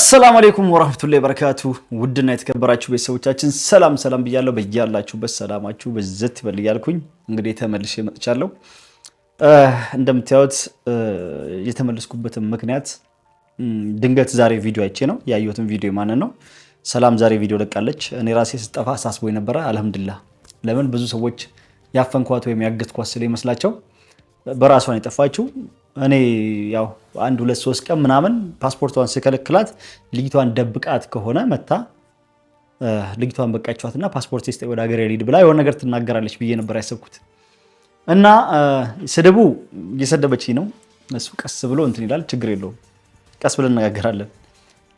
አሰላሙ አሌይኩም ወራህመቱላሂ በረካቱ ውድና የተከበራችሁ ቤተሰቦቻችን ሰላም ሰላም ብያለሁ። በያላችሁበት ሰላማችሁ በዘት ይበል እያልኩኝ እንግዲህ ተመልሼ መጥቻለሁ። እንደምታዩት የተመለስኩበትን ምክንያት ድንገት ዛሬ ቪዲዮ አይቼ ነው ያየሁትን ቪዲዮ ማንን ነው ሰላም ዛሬ ቪዲዮ ለቃለች። እኔ ራሴ ስጠፋ ሳስቦ የነበረ አልሐምዱሊላህ ለምን ብዙ ሰዎች ያፈንኳት ወይም ያገትኳት ስለ ይመስላቸው በራሷን የጠፋችው እኔ ያው አንድ ሁለት ሶስት ቀን ምናምን ፓስፖርቷን ስከለክላት ልጅቷን ደብቃት ከሆነ መታ ልጅቷን እና ፓስፖርት ስጠኝ ወደ ሀገር ሊድ ብላ የሆነ ነገር ትናገራለች ብዬ ነበር ያሰብኩት። እና ስድቡ እየሰደበችኝ ነው። እሱ ቀስ ብሎ እንትን ይላል። ችግር የለውም፣ ቀስ ብለን እነጋገራለን።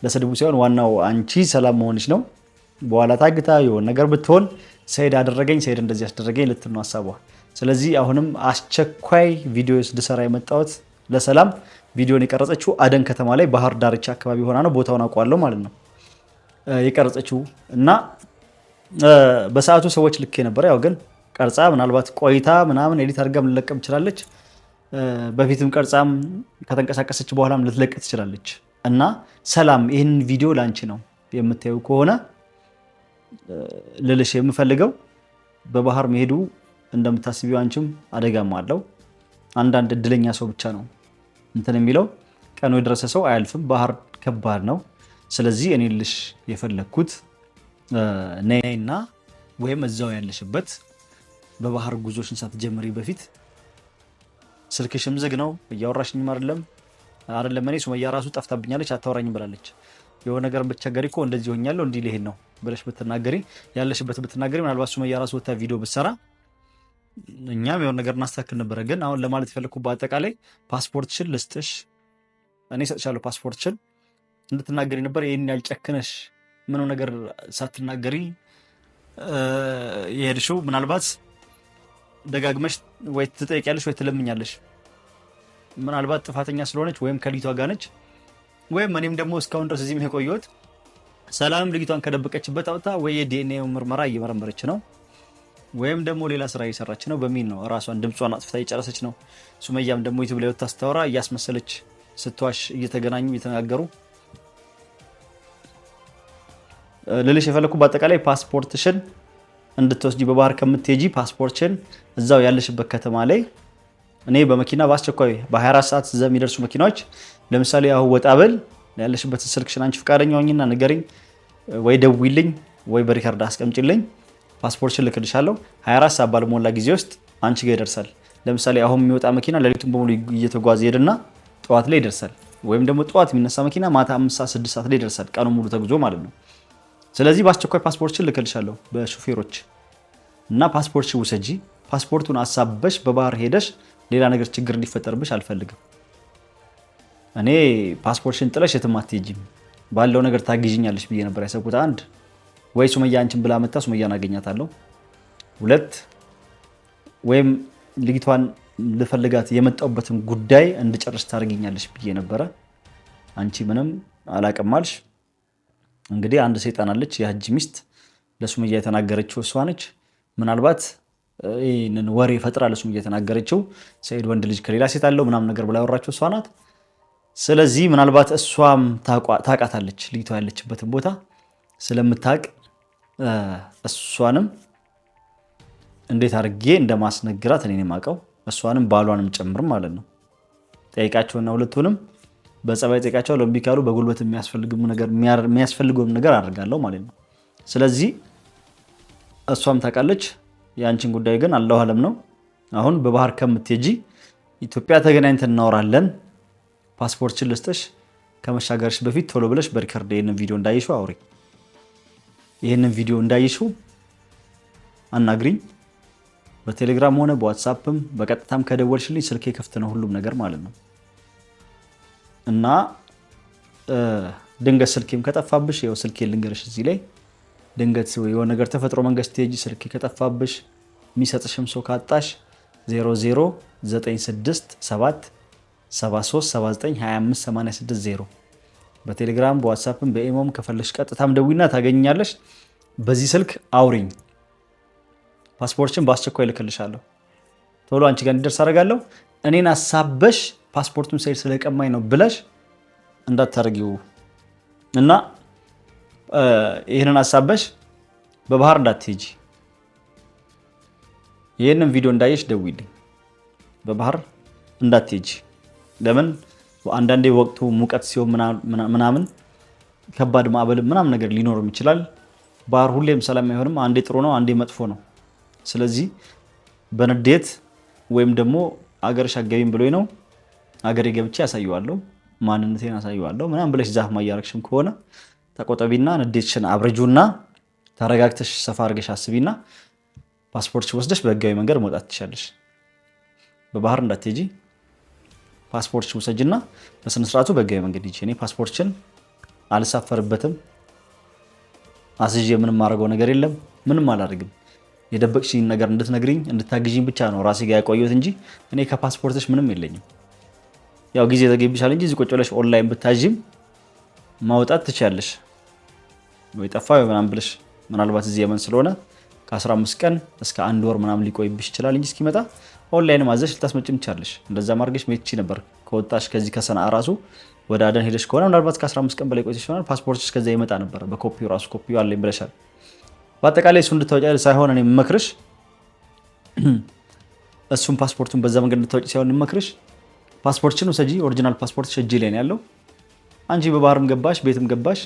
ለስድቡ ሳይሆን ዋናው አንቺ ሰላም መሆንች ነው። በኋላ ታግታ የሆነ ነገር ብትሆን ሰይድ አደረገኝ፣ ሰይድ እንደዚህ አስደረገኝ ልትል ነው ሀሳቧ። ስለዚህ አሁንም አስቸኳይ ቪዲዮ ስድሰራ የመጣሁት ለሰላም ቪዲዮን የቀረጸችው አደን ከተማ ላይ ባህር ዳርቻ አካባቢ ሆና ነው። ቦታውን አውቋለሁ ማለት ነው የቀረጸችው እና በሰዓቱ ሰዎች ልክ የነበረ ያው ግን ቀርጻ ምናልባት ቆይታ ምናምን ኤዲት አድርጋም ልለቀም ትችላለች። በፊትም ቀርጻም ከተንቀሳቀሰች በኋላም ልትለቅ ትችላለች። እና ሰላም ይህን ቪዲዮ ላንቺ ነው የምታየው ከሆነ ልልሽ የምፈልገው በባህር መሄዱ እንደምታስቢው አንቺም አደጋም አለው። አንዳንድ እድለኛ ሰው ብቻ ነው እንትን የሚለው ቀኑ የደረሰ ሰው አያልፍም። ባህር ከባድ ነው። ስለዚህ እኔ ልሽ የፈለግኩት ነይና ወይም እዛው ያለሽበት በባህር ጉዞሽን ሳትጀምሪ በፊት ስልክሽም ዝግ ነው፣ እያወራሽኝም አይደለም አይደለም። እኔ ሱመያ ራሱ ጠፍታብኛለች አታወራኝም ብላለች። የሆነ ነገር ብቸገሪ እኮ እንደዚህ ሆኛለሁ እንዲህ ልሄድ ነው ብለሽ ብትናገሪ ያለሽበት ብትናገሪ ምናልባት ሱመያ ራሱ ወታ ቪዲዮ ብትሰራ እኛም የሆነ ነገር እናስተካክል ነበረ። ግን አሁን ለማለት የፈለግኩ በአጠቃላይ ፓስፖርትሽን ልስጥሽ፣ እኔ ሰጥሻለሁ ፓስፖርትሽን እንድትናገሪ ነበር። ይህን ያልጨክነሽ ምንም ነገር ሳትናገሪ የሄድሽው ምናልባት ደጋግመሽ ወይ ትጠይቂያለሽ ወይ ትለምኛለሽ። ምናልባት ጥፋተኛ ስለሆነች ወይም ከልጅቷ ጋር ነች ወይም እኔም ደግሞ እስካሁን ድረስ እዚህም የቆየሁት ሰላምም ልጅቷን ከደበቀችበት አውጥታ ወይ የዲኤንኤ ምርመራ እየመረመረች ነው ወይም ደግሞ ሌላ ስራ እየሰራች ነው በሚል ነው ራሷን ድምጿን አጥፍታ እየጨረሰች ነው። ሱመያም ደግሞ ዩቱብ ላይ ወጥታ እያስመሰለች ስትዋሽ እየተገናኙ እየተነጋገሩ ልልሽ የፈለግኩ በአጠቃላይ ፓስፖርትሽን እንድትወስጂ በባህር ከምትሄጂ ፓስፖርትሽን እዛው ያለሽበት ከተማ ላይ እኔ በመኪና በአስቸኳይ በ24 ሰዓት እዛ የሚደርሱ መኪናዎች ለምሳሌ አሁን ወጣ ብል ያለሽበትን ስልክሽን አንቺ ፈቃደኛ ሆኝና ንገሪኝ፣ ወይ ደውይልኝ፣ ወይ በሪከርድ አስቀምጭልኝ። ፓስፖርትሽን ልክልሻለሁ 24 ሰዓት ባልሞላ ጊዜ ውስጥ አንቺ ጋር ይደርሳል። ለምሳሌ አሁን የሚወጣ መኪና ሌሊቱን በሙሉ እየተጓዘ ይሄድና ጠዋት ላይ ይደርሳል። ወይም ደግሞ ጠዋት የሚነሳ መኪና ማታ አምስት ሰዓት ስድስት ሰዓት ላይ ይደርሳል። ቀኑ ሙሉ ተጉዞ ማለት ነው። ስለዚህ በአስቸኳይ ፓስፖርትሽን ልክልሻለሁ በሹፌሮች እና ፓስፖርትሽን ውሰጂ። ፓስፖርቱን አሳበሽ በባህር ሄደሽ ሌላ ነገር ችግር እንዲፈጠርብሽ አልፈልግም። እኔ ፓስፖርትሽን ጥለሽ የትም አትሄጂም፣ ባለው ነገር ታግዥኛለሽ ብዬ ነበር ያሰብኩት አንድ ወይ ሱመያ አንቺን ብላ መታ ሱመያን አገኛታለሁ። ሁለት ወይም ልጅቷን ልፈልጋት የመጣሁበትን ጉዳይ እንድጨርስ ታደርግኛለች ብዬ ነበረ። አንቺ ምንም አላቀማልሽ። እንግዲህ አንድ ሰይጣን አለች፣ የሀጂ ሚስት ለሱመያ የተናገረችው እሷ ነች። ምናልባት ይህንን ወሬ ፈጥራ ለሱመያ የተናገረችው ሰኢድ ወንድ ልጅ ከሌላ ሴት አለው ምናምን ነገር ብላ ያወራችው እሷ ናት። ስለዚህ ምናልባት እሷም ታውቃታለች ልጅቷ ያለችበትን ቦታ ስለምታውቅ እሷንም እንዴት አድርጌ እንደማስነግራት እኔ የማውቀው እሷንም ባሏንም ጭምር ማለት ነው። ጠይቃቸውና ሁለቱንም በጸባይ ጠይቃቸው። ለእምቢ ካሉ በጉልበት የሚያስፈልገውም ነገር አድርጋለሁ ማለት ነው። ስለዚህ እሷም ታውቃለች። የአንቺን ጉዳይ ግን አለው አለም ነው። አሁን በባህር ከምትሄጂ ኢትዮጵያ ተገናኝተን እናወራለን። ፓስፖርትችን ልስጥሽ። ከመሻገርሽ በፊት ቶሎ ብለሽ በሪከርድ ይህንን ቪዲዮ እንዳይሽው አውሬ ይህንን ቪዲዮ እንዳየሽው አናግሪኝ። በቴሌግራም ሆነ በዋትሳፕም በቀጥታም ከደወልሽልኝ ስልኬ ክፍት ነው፣ ሁሉም ነገር ማለት ነው። እና ድንገት ስልኬም ከጠፋብሽ ያው ስልኬ ልንገርሽ እዚህ ላይ ድንገት የሆነ ነገር ተፈጥሮ መንገድ ስትሄጂ ስልኬ ከጠፋብሽ የሚሰጥሽም ሰው ካጣሽ 7 00967 7379 2586 0 በቴሌግራም በዋትሳፕም በኢሞም ከፈለሽ ቀጥታም ደዊና ታገኛለሽ። በዚህ ስልክ አውሪኝ። ፓስፖርትሽን በአስቸኳይ ልክልሻለሁ። ቶሎ አንቺ ጋር እንዲደርስ አደርጋለሁ። እኔን አሳበሽ ፓስፖርቱን ሰይድ ስለቀማኝ ነው ብለሽ እንዳታርጊው እና ይህንን አሳበሽ በባህር እንዳትሄጂ። ይህንን ቪዲዮ እንዳየሽ ደውልኝ። በባህር እንዳትሄጂ ለምን አንዳንዴ ወቅቱ ሙቀት ሲሆን ምናምን ከባድ ማዕበል ምናምን ነገር ሊኖርም ይችላል። ባህር ሁሌም ሰላም አይሆንም። አንዴ ጥሩ ነው፣ አንዴ መጥፎ ነው። ስለዚህ በንዴት ወይም ደግሞ አገርሽ አገቢም ብሎኝ ነው አገሬ ገብቼ ያሳየዋለሁ፣ ማንነቴን ያሳየዋለሁ ምናምን ብለሽ ዛፍ ማያረግሽም ከሆነ ተቆጠቢና ንዴትሽን አብረጁና ተረጋግተሽ ሰፋ አድርገሽ አስቢና ፓስፖርትሽ ወስደሽ በህጋዊ መንገድ መውጣት ትችላለሽ። በባህር እንዳትሄጂ ውሰጅ ውሰጅና በስነስርዓቱ በህጋዊ መንገድ ይዤ እኔ ፓስፖርትሽን አልሳፈርበትም፣ አስይዤ ምንም ማድረገው ነገር የለም፣ ምንም አላደርግም። የደበቅሽኝ ነገር እንድትነግሪኝ እንድታግዥኝ ብቻ ነው ራሴ ጋር ያቆየሁት እንጂ እኔ ከፓስፖርትሽ ምንም የለኝም። ያው ጊዜ ዘገይብሻል እንጂ እዚህ ቁጭ ብለሽ ኦንላይን ብታዥም ማውጣት ትችያለሽ። ወይ ጠፋ ወይ ምናምን ብለሽ ምናልባት እዚህ የመን ስለሆነ ከ15 ቀን እስከ አንድ ወር ምናምን ሊቆይብሽ ይችላል እንጂ እስኪመጣ ኦንላይን ማዘሽ ልታስመጭም ትችላለሽ። እንደዛ ማድረግሽ መቼ ነበር ከወጣሽ ከዚህ ከሰና ራሱ ወደ አደን ሄደሽ ከሆነ ምናልባት ከ15 ቀን በላይ ቆይተሽ ይሆናል ፓስፖርት ከዛ ይመጣ ነበር። በኮፒው ራሱ ኮፒው አለኝ ብለሻል። በአጠቃላይ እሱ እንድታወጫ ሳይሆን እኔ የምመክርሽ እሱን ፓስፖርቱን በዛ መንገድ እንድታወጪ ሳይሆን የምመክርሽ ፓስፖርትሽን ውሰጂ። ኦሪጂናል ፓስፖርት እጅ ላይ ነው ያለው። አንቺ በባህርም ገባሽ ቤትም ገባሽ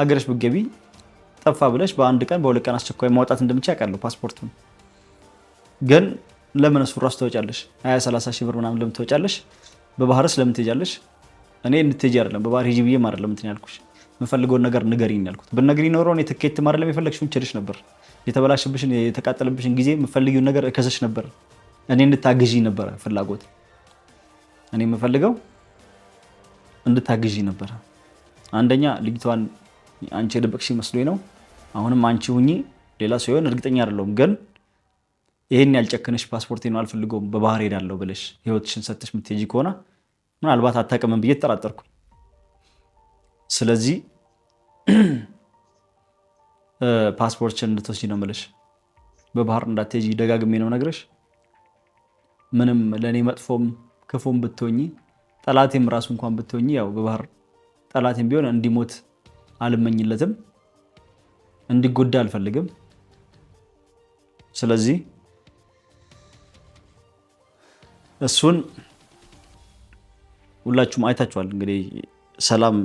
አገረሽ ብገቢ ጠፋ ብለሽ በአንድ ቀን በሁለት ቀን አስቸኳይ ማውጣት እንደምቻ ያውቃለሁ ፓስፖርቱን ግን ለምን እሱ ራሱ ተወጫለሽ? 20 30 ሺህ ብር ምናምን ለምን ተወጫለሽ? በባህርስ ለምን ትሄጃለሽ? እኔ እንትሄጂ አይደለም በባህር ሂጂ ብዬ አይደለም እንትን ያልኩሽ የምፈልገውን ነገር ንገሪኝ ያልኩት። ብትነግሪኝ ኖሮ እኔ ትኬት ማድረግ የፈለግሽውን ችልሽ ነበር። የተበላሽብሽን የተቃጠለብሽን ጊዜ የምፈልጊውን ነገር እከሰሽ ነበር። እኔ እንድታግዢ ነበረ ፍላጎት። እኔ የምፈልገው እንድታግዢ ነበረ። አንደኛ ልጅቷን አንቺ የደበቅሽ መስሎኝ ነው። አሁንም አንቺ ሁኚ ሌላ ሰው ይሆን እርግጠኛ አይደለሁም ግን ይህን ያልጨክነሽ ፓስፖርት ነው አልፈልገውም በባህር ሄዳለሁ ብለሽ ህይወትሽን ሰተሽ የምትሄጂ ከሆነ ምናልባት አታቅምን ብዬ ተጠራጠርኩ ስለዚህ ፓስፖርትሽን እንድትወስጂ ነው የምልሽ። በባህር እንዳትሄጂ ደጋግሜ ነው ነግረሽ። ምንም ለእኔ መጥፎም ክፉም ብትሆኚ ጠላቴም ራሱ እንኳን ብትሆኚ ያው በባህር ጠላቴም ቢሆን እንዲሞት አልመኝለትም፣ እንዲጎዳ አልፈልግም። ስለዚህ እሱን ሁላችሁም አይታችኋል። እንግዲህ ሰላም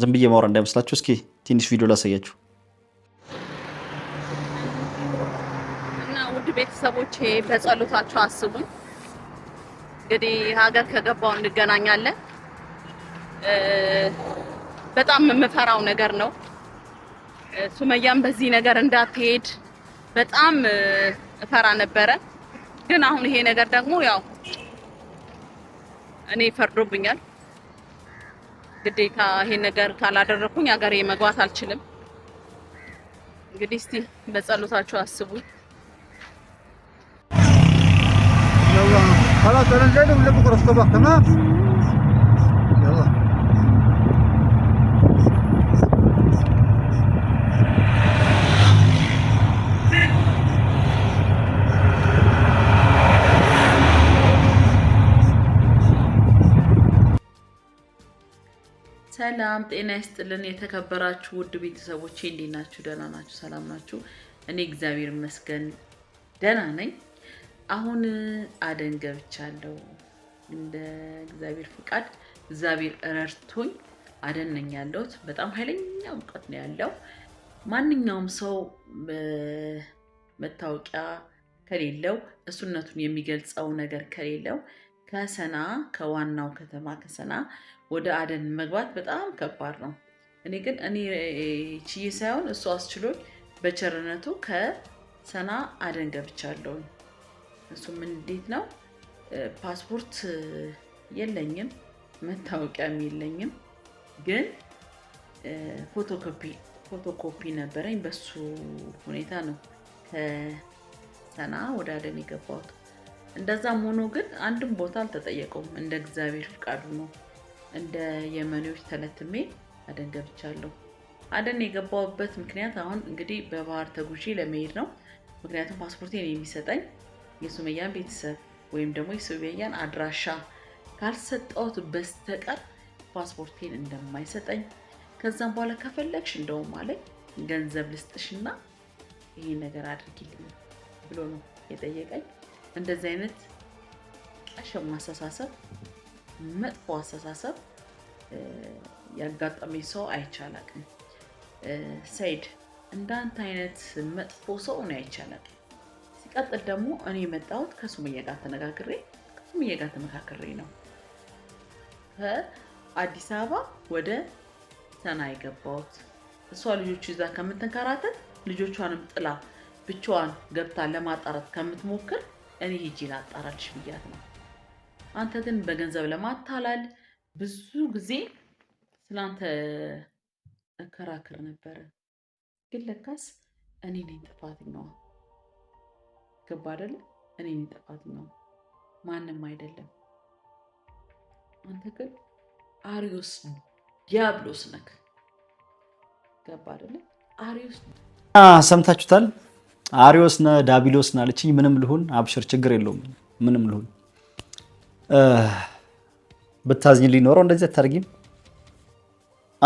ዝም ብዬ ማውራ እንዳይመስላችሁ፣ እስኪ ትንሽ ቪዲዮ ላሳያችሁ። እና ውድ ቤተሰቦቼ በጸሎታችሁ አስቡኝ። እንግዲህ ሀገር ከገባው እንገናኛለን። በጣም የምፈራው ነገር ነው። ሱመያም በዚህ ነገር እንዳትሄድ በጣም እፈራ ነበረ። ግን አሁን ይሄ ነገር ደግሞ ያው እኔ ፈርዶብኛል። ግዴታ ይሄን ነገር ካላደረኩኝ ሀገሬ መግባት አልችልም። እንግዲህ እስቲ በጸሎታችሁ አስቡ። ሰላም ጤና ይስጥልን። የተከበራችሁ ውድ ቤተሰቦቼ እንዴት ናችሁ? ደህና ናችሁ? ሰላም ናችሁ? እኔ እግዚአብሔር ይመስገን ደህና ነኝ። አሁን አደን ገብቻለሁ። እንደ እግዚአብሔር ፍቃድ እግዚአብሔር ረድቶኝ አደን ነኝ ያለሁት። በጣም ኃይለኛ ሙቀት ነው ያለው። ማንኛውም ሰው መታወቂያ ከሌለው እሱነቱን የሚገልጸው ነገር ከሌለው ከሰና ከዋናው ከተማ ከሰና ወደ አደን መግባት በጣም ከባድ ነው። እኔ ግን እኔ ችዬ ሳይሆን እሱ አስችሎኝ በቸርነቱ ከሰና አደን ገብቻለሁ። እሱም እንዴት ነው ፓስፖርት የለኝም፣ መታወቂያም የለኝም፣ ግን ፎቶኮፒ ነበረኝ። በሱ ሁኔታ ነው ከሰና ወደ አደን የገባሁት። እንደዛም ሆኖ ግን አንድም ቦታ አልተጠየቀውም። እንደ እግዚአብሔር ፍቃዱ ነው። እንደ የመኔዎች ተለትሜ አደን ገብቻለሁ። አደን የገባሁበት ምክንያት አሁን እንግዲህ በባህር ተጉዤ ለመሄድ ነው። ምክንያቱም ፓስፖርቴን የሚሰጠኝ የሱመያን ቤተሰብ ወይም ደግሞ የሱመያን አድራሻ ካልሰጠሁት በስተቀር ፓስፖርቴን እንደማይሰጠኝ ከዛም በኋላ ከፈለግሽ እንደውም አለኝ ገንዘብ ልስጥሽና ይሄ ነገር አድርጊልኝ ብሎ ነው የጠየቀኝ። እንደዚህ አይነት ቀሸም ማስተሳሰብ መጥፎ አስተሳሰብ ያጋጠመኝ ሰው አይቻላቅም። ሰይድ እንዳንተ አይነት መጥፎ ሰው እኔ አይቻላቅም። ሲቀጥል ደግሞ እኔ የመጣሁት ከሱመያ ጋር ተነጋግሬ ከሱመያ ጋር ተመካክሬ ነው ከአዲስ አበባ ወደ ሰና የገባሁት። እሷ ልጆቹ ይዛ ከምትንከራተት ልጆቿንም ጥላ ብቻዋን ገብታ ለማጣራት ከምትሞክር እኔ ሂጂ ላጣራልሽ ብያት ነው። አንተ ግን በገንዘብ ለማታላል ብዙ ጊዜ ስለአንተ እከራክር ነበረ። ግን ለካስ እኔ ነኝ ጥፋተኛዋ። ገባ አይደለ? እኔ ነኝ ጥፋተኛዋ፣ ማንም አይደለም። አንተ ግን አሪዮስ ዲያብሎስ ነክ። ገባ አይደለ? አሪዮስ ሰምታችሁታል። አሪዮስ ነ ዳቢሎስ ናለችኝ። ምንም ልሁን ብታዝኝ ሊኖረው እንደዚህ አታርጊም።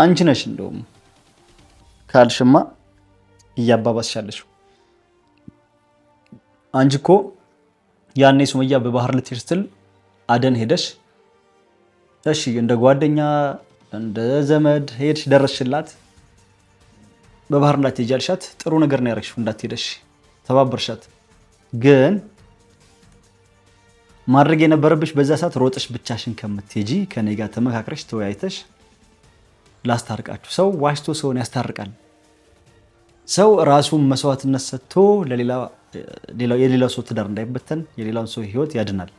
አንቺ ነሽ እንደውም ካልሽማ እያባባስሻለሽው። አንቺ እኮ ያኔ ሱመያ በባህር ልትሄድ ስትል አደን ሄደሽ እሺ፣ እንደ ጓደኛ እንደ ዘመድ ሄድሽ፣ ደረስሽላት። በባህር እንዳትሄጂ አልሻት። ጥሩ ነገር ነው ያደረግሽው። እንዳትሄደሽ ተባበርሻት ግን ማድረግ የነበረብሽ በዛ ሰዓት ሮጥሽ ብቻሽን ከምትሄጂ ከኔ ጋር ተመካክረሽ ተወያይተሽ ላስታርቃችሁ። ሰው ዋሽቶ ሰውን ያስታርቃል። ሰው ራሱን መስዋዕትነት ሰጥቶ የሌላው ሰው ትዳር እንዳይበተን የሌላውን ሰው ህይወት ያድናል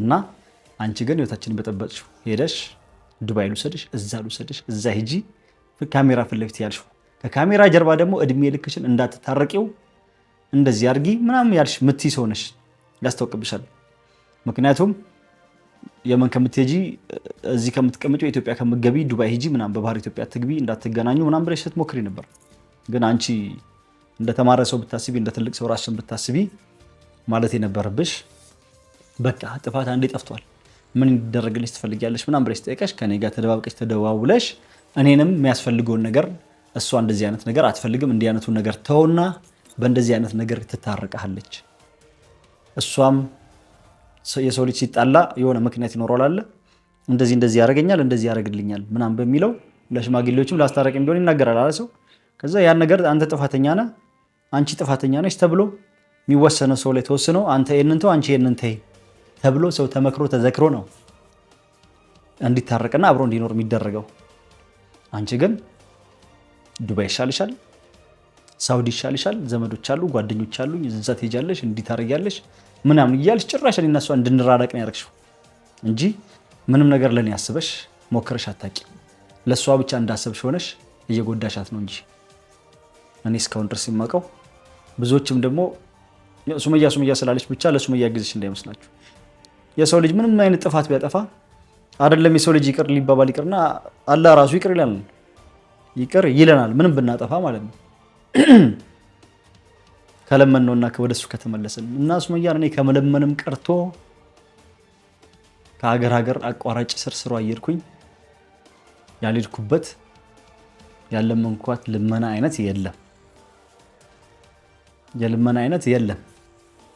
እና አንቺ ግን ህይወታችን በጠበጥሽው ሄደሽ ዱባይ ልውሰድሽ፣ እዛ ልውሰድሽ፣ እዛ ሂጂ ካሜራ ፊት ለፊት ከካሜራ ጀርባ ደግሞ እድሜ ልክሽን እንዳትታረቂው እንደዚህ አድርጊ ምናምን ያልሽ ምትይ ሰው ነሽ። ያስታውቅብሻል። ምክንያቱም የመን ከምትሄጂ እዚህ ከምትቀምጪው ኢትዮጵያ ከምትገቢ ዱባይ ሂጂ ምናምን በባህር ኢትዮጵያ ትግቢ እንዳትገናኙ ምናምን ብለሽ ስትሞክሪ ነበር። ግን አንቺ እንደተማረ ሰው ብታስቢ፣ እንደ ትልቅ ሰው ራስሽን ብታስቢ ማለት የነበረብሽ በቃ ጥፋት አንዴ ጠፍቷል፣ ምን እንዲደረግልሽ ትፈልጊያለሽ ምናምን ብለሽ ጠይቀሽ ከኔ ጋር ተደባብቀሽ ተደዋውለሽ እኔንም የሚያስፈልገውን ነገር እሷ እንደዚህ አይነት ነገር አትፈልግም፣ እንዲህ አይነቱን ነገር ተውና በእንደዚህ አይነት ነገር ትታረቃለች እሷም የሰው ልጅ ሲጣላ የሆነ ምክንያት ይኖረዋል አለ እንደዚህ እንደዚህ ያደርገኛል እንደዚህ ያደርግልኛል ምናም በሚለው ለሽማግሌዎችም ላስታረቅም ቢሆን ይናገራል አለ ሰው። ከዛ ያን ነገር አንተ ጥፋተኛ ነህ፣ አንቺ ጥፋተኛ ነች ተብሎ የሚወሰነው ሰው ላይ ተወስኖ አንተ ይሄንን ተው፣ አንቺ ይሄንን ተይ ተብሎ ሰው ተመክሮ ተዘክሮ ነው እንዲታረቅና አብሮ እንዲኖር የሚደረገው። አንቺ ግን ዱባይ ይሻልሻል፣ ሳውዲ ይሻልሻል፣ ዘመዶች አሉ፣ ጓደኞች አሉ፣ እዛ ትሄጃለሽ፣ እንዲታረጊያለሽ ምናምን እያልሽ ጭራሽ እኔ እና እሷ እንድንራራቅ ነው ያደረግሽው እንጂ ምንም ነገር ለእኔ አስበሽ ሞክረሽ አታቂ። ለእሷ ብቻ እንዳሰብሽ ሆነሽ እየጎዳሻት ነው እንጂ እኔ እስካሁን ድረስ የማውቀው ብዙዎችም ደግሞ ሱመያ ሱመያ ስላለች ብቻ ለሱመያ ጊዜሽ እንዳይመስላችሁ። የሰው ልጅ ምንም አይነት ጥፋት ቢያጠፋ አይደለም የሰው ልጅ ይቅር ሊባባል ይቅርና አላህ ራሱ ይቅር ይለናል፣ ይቅር ይለናል ምንም ብናጠፋ ማለት ነው። ከለመን እና ወደሱ ከተመለስን እና ሱመያ እኔ ከመለመንም ቀርቶ ከሀገር ሀገር አቋራጭ ስርስሮ አየድኩኝ ያልሄድኩበት ያለመንኳት ልመና አይነት የለም፣ የልመና አይነት የለም።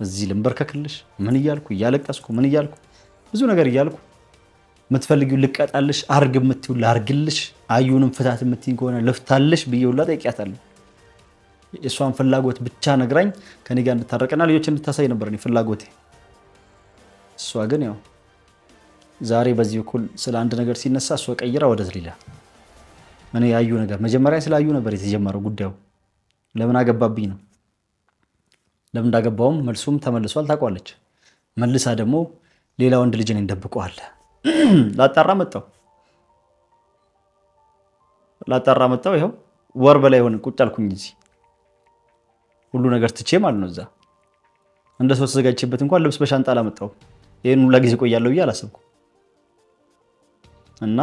እዚህ ልንበርከክልሽ ምን እያልኩ እያለቀስኩ ምን እያልኩ ብዙ ነገር እያልኩ የምትፈልጊው ልቀጣልሽ፣ አርግ የምትይው ላርግልሽ፣ አዩንም ፍታት የምትይኝ ከሆነ ልፍታልሽ ብዬ ሁላ ጠይቂያታለሁ። የእሷን ፍላጎት ብቻ ነግራኝ ከኔ ጋር እንድታረቅና ልጆች እንድታሳይ ነበር እኔ ፍላጎቴ። እሷ ግን ያው ዛሬ በዚህ በኩል ስለ አንድ ነገር ሲነሳ እሷ ቀይራ ወደ ሌላ ምን ያዩ ነገር መጀመሪያ ስላዩ ነበር የተጀመረው ጉዳዩ። ለምን አገባብኝ ነው። ለምን እንዳገባውም መልሱም ተመልሷል ታውቋለች። መልሳ ደግሞ ሌላ ወንድ ልጅን እንደብቀዋል። ላጣራ መጣው ላጣራ መጣው። ይኸው ወር በላይ ሆነ ቁጭ አልኩኝ እዚህ ሁሉ ነገር ትቼ ማለት ነው። እዛ እንደ ሰው ተዘጋጅቼበት እንኳን ልብስ በሻንጣ አላመጣሁም። ይህን ሁላ ጊዜ ቆያለሁ ብዬ አላሰብኩም። እና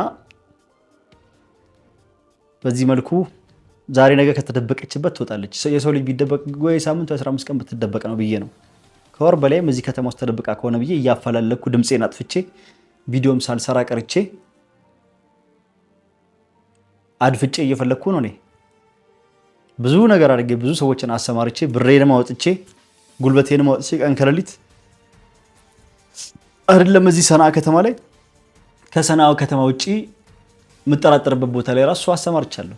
በዚህ መልኩ ዛሬ ነገር ከተደበቀችበት ትወጣለች። የሰው ልጅ ቢደበቅ ወይ ሳምንት ወይ 15 ቀን ብትደበቅ ነው ብዬ ነው። ከወር በላይም እዚህ ከተማ ውስጥ ተደብቃ ከሆነ ብዬ እያፈላለኩ ድምፄን አጥፍቼ ቪዲዮም ሳልሰራ ቀርቼ አድፍጬ እየፈለግኩ ነው እኔ ብዙ ነገር አድርጌ ብዙ ሰዎችን አሰማርቼ ብሬንም አውጥቼ ጉልበቴንም አውጥቼ ቀን ከሌሊት አይደለም እዚህ ሰና ከተማ ላይ ከሰና ከተማ ውጭ የምጠራጠርበት ቦታ ላይ ራሱ አሰማርቻለሁ።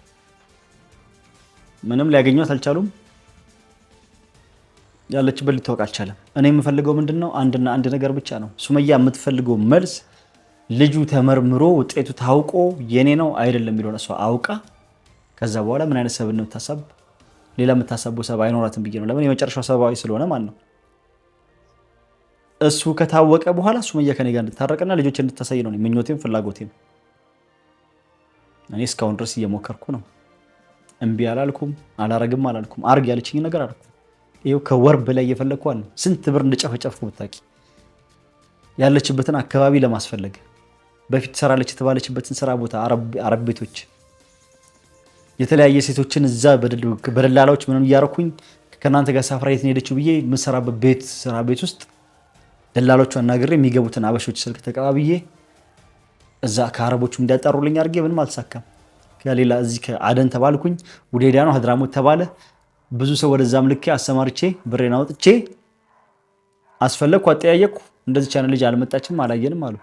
ምንም ሊያገኟት አልቻሉም። ያለችበት ሊታወቅ አልቻለም። እኔ የምፈልገው ምንድን ነው? አንድና አንድ ነገር ብቻ ነው። ሱመያ የምትፈልገው መልስ ልጁ ተመርምሮ ውጤቱ ታውቆ የኔ ነው አይደለም የሚለውን እሷ አውቃ ከዛ በኋላ ምን አይነት ሰብን የምታሳብ ሌላ የምታሰቡ ሰብ አይኖራትም ብዬ ነው። ለምን የመጨረሻው ሰብአዊ ስለሆነ ማለት ነው። እሱ ከታወቀ በኋላ ሱመያ ከኔ ጋር እንድታረቅና ልጆች እንድታሳይ ነው ምኞቴም ፍላጎቴም። እኔ እስካሁን ድረስ እየሞከርኩ ነው። እምቢ አላልኩም፣ አላረግም አላልኩም። አርግ ያለችኝ ነገር አልኩ። ይኸው ከወር በላይ እየፈለግኩ አለ። ስንት ብር እንደጨፈጨፍኩ ብታውቂ። ያለችበትን አካባቢ ለማስፈለግ በፊት ትሰራለች የተባለችበትን ስራ ቦታ አረብ ቤቶች የተለያየ ሴቶችን እዛ በደላላዎች ምንም እያረኩኝ ከእናንተ ጋር ሳፍራ የት ብዬ የምሰራበት ቤት ስራ ቤት ውስጥ ደላሎቹ አናግሬ የሚገቡትን አበሾች ስልክ ተቀባብዬ እዛ ከአረቦቹ እንዲያጠሩልኝ አድርጌ ምንም አልተሳካም። ከሌላ እዚህ ከአደን ተባልኩኝ፣ ውዴዳ ነው ሀድራሞት ተባለ። ብዙ ሰው ወደዛም ልኬ አሰማርቼ ብሬን አውጥቼ አስፈለግኩ፣ አጠያየቅኩ። እንደዚህ ቻነ ልጅ አልመጣችም፣ አላየንም አሉ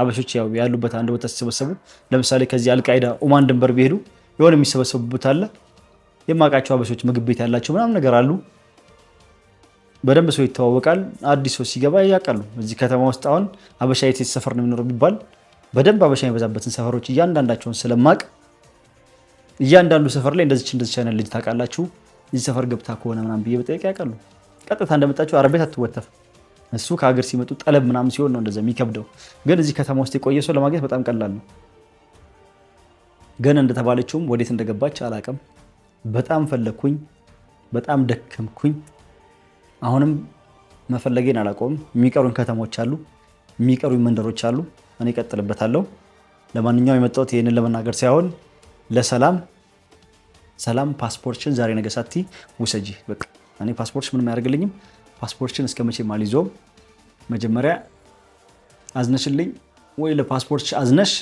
አበሾች ያሉበት አንድ ቦታ ሲሰበሰቡ። ለምሳሌ ከዚህ አልቃይዳ ኦማን ድንበር ቢሄዱ የሆነ የሚሰበሰቡበት አለ። የማውቃቸው አበሾች ምግብ ቤት ያላቸው ምናምን ነገር አሉ። በደንብ ሰው ይተዋወቃል። አዲስ ሰው ሲገባ ያውቃሉ። እዚህ ከተማ ውስጥ አሁን አበሻ የት ሰፈር ነው የሚኖረው ቢባል በደንብ አበሻ የበዛበትን ሰፈሮች እያንዳንዳቸውን ስለማቅ እያንዳንዱ ሰፈር ላይ እንደዚች እንደዚች አይነት ልጅ ታውቃላችሁ፣ እዚህ ሰፈር ገብታ ከሆነ ምናምን ብዬ በጠየቅ ያውቃሉ። ቀጥታ እንደመጣችሁ አረቤት አትወተፍ። እሱ ከሀገር ሲመጡ ጠለብ ምናምን ሲሆን ነው እንደዚያ የሚከብደው። ግን እዚህ ከተማ ውስጥ የቆየ ሰው ለማግኘት በጣም ቀላል ነው። ገና እንደተባለችውም ወዴት እንደገባች አላቅም። በጣም ፈለግኩኝ፣ በጣም ደከምኩኝ። አሁንም መፈለጌን አላቆምም። የሚቀሩኝ ከተሞች አሉ፣ የሚቀሩኝ መንደሮች አሉ። እኔ እቀጥልበታለሁ። ለማንኛውም የመጣሁት ይህንን ለመናገር ሳይሆን ለሰላም ሰላም ፓስፖርትሽን ዛሬ ነገ ሳቲ ውሰጂ። በቃ እኔ ፓስፖርትሽ ምንም አያደርግልኝም። ፓስፖርትሽን እስከ መቼም አልይዞም። መጀመሪያ አዝነሽልኝ ወይ ለፓስፖርትሽ አዝነሽ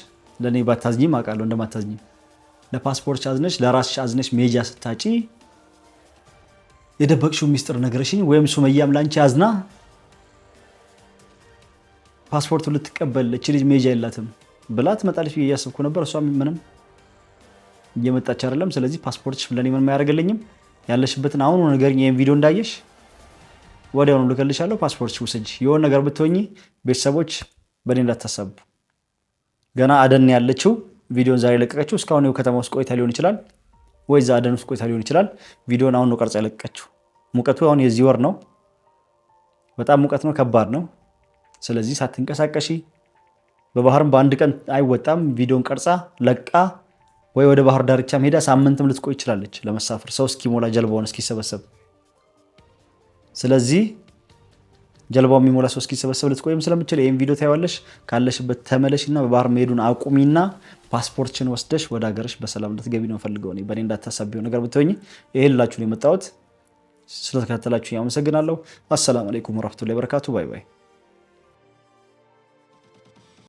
ለእኔ ባታዝኝም አውቃለሁ እንደማታዝኝም። ለፓስፖርት አዝነሽ ለራስሽ አዝነሽ ሜጃ ስታጪ የደበቅሽው ሚስጥር ነገረሽኝ ወይም ሱመያም ላንቺ አዝና ፓስፖርቱ ልትቀበል እች ልጅ ሜጃ የላትም ብላ ትመጣለች ብዬ እያሰብኩ ነበር። እሷ ምንም እየመጣች አይደለም። ስለዚህ ፓስፖርትሽ ለእኔ ምንም አያደርግልኝም። ያለሽበትን አሁኑ ነገር ይህም ቪዲዮ እንዳየሽ ወዲያውኑ ልከልሻለሁ። ፓስፖርትሽ ውሰጂ። የሆነ ነገር ብትሆኚ ቤተሰቦች በእኔ እንዳታሰቡ። ገና አደን ያለችው ቪዲዮን ዛሬ ለቀቀችው። እስካሁን ው ከተማ ውስጥ ቆይታ ሊሆን ይችላል ወይ እዛ አደን ውስጥ ቆይታ ሊሆን ይችላል። ቪዲዮን አሁን ነው ቀርጻ የለቀቀችው። ሙቀቱ አሁን የዚህ ወር ነው። በጣም ሙቀት ነው፣ ከባድ ነው። ስለዚህ ሳትንቀሳቀሺ በባህርም በአንድ ቀን አይወጣም። ቪዲዮን ቀርጻ ለቃ ወይ ወደ ባህር ዳርቻ ሄዳ ሳምንትም ልትቆይ ይችላለች ለመሳፈር ሰው እስኪሞላ ጀልባውን እስኪሰበሰብ ስለዚህ ጀልባው የሚሞላ ሰው እስኪሰበሰብ ልትቆይም ስለምችል ይህም ቪዲዮ ታይዋለሽ። ካለሽበት ተመለሽ ተመለሽና በባህር መሄዱን አቁሚ አቁሚና ፓስፖርትሽን ወስደሽ ወደ ሀገርሽ በሰላም ልትገቢ ነው ፈልገው። በእኔ እንዳታሳቢው ነገር ብትሆኝ ይሄ ልላችሁ ነው የመጣሁት። ስለተከታተላችሁ አመሰግናለሁ። አሰላሙ አለይኩም ወረሕመቱላሂ ወበረካቱ። ባይ ባይ